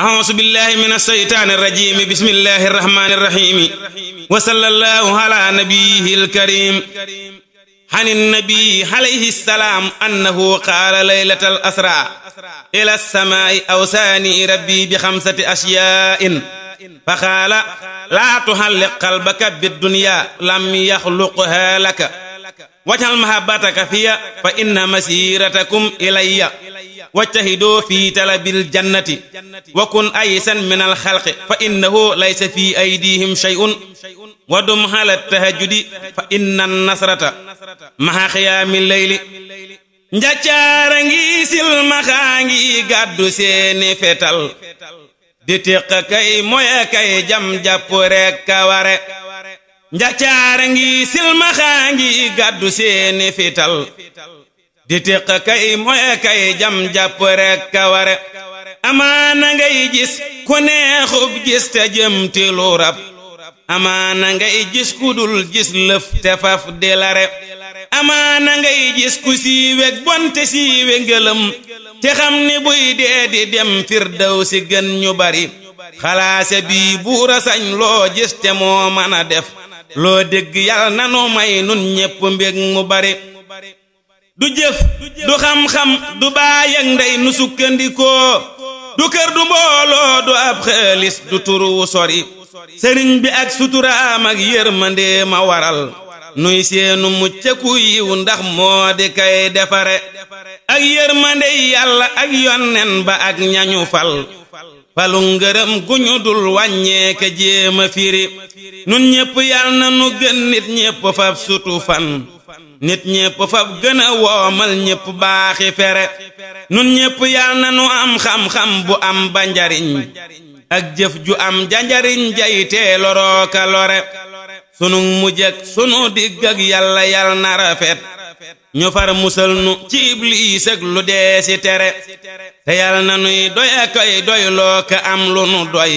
أعوذ بالله من الشيطان الرجيم بسم الله الرحمن الرحيم وصلى الله على نبيه الكريم عن النبي عليه السلام أنه قال ليلة الأسرى إلى السماء أوساني ربي بخمسة أشياء فقال لا تهلق قلبك بالدنيا لم يخلقها لك واجعل محبتك فيا فإن مسيرتكم إليّ wajtahidoo fi talabil jannati wa kun aysan min alxalqi fa innahu laysa fi aydihim shay'un wa dum ala tahajudi fa inna nasrata maha xiyaami leyli njaccaara ngi silmaxaa ngi gàddu seeni fetal di tiq kay moye kay jam jàpp rekk ka ware njaccaara ngi silmaxaa ngi gàddu seeni fetal di téq kay moye kay jam jàpp rek ka ware amaana ngay gis ku neexub gis te jëm ti lu rab amaana ngay gis ku dul gis lëf te faf di lare amaana ngay gis ku siiweg bonte siiwe ngëlëm te xam ni buy dee di dem firdaw si gën ñu bari xalaase bii buura sañ loo gis te moo mën def loo dégg yàlla nanu may nun ñépp mbég mu bari du jëf du xam-xam du baay ak ndey nu sukkandikoo du kër du mbooloo du ab xaalis du turu sori sëriñ bi ak suturaam ak yërmandee ma waral nuy seenu muccëku yiw ndax moo di kay defare ak yërmande yàlla ak yonnen ba ak ñañu fal falu ngërëm gu dul wàññeeke jéema firi nun ñépp yal na nu gën nit ñépp fab sutu nit ñépp fab gën a woomal ñépp baaxi fere nun ñépp yal na nu am xam-xam bu am ba njariñ ak jëf ju am janjariñ jaytee lorooka lore sunu mujjëk sunu digg ak yàlla yal na rafet ñu far musal nu ci ibliis lu dee si tere yal na nuy doy a koy doy loo ka am lu nu doy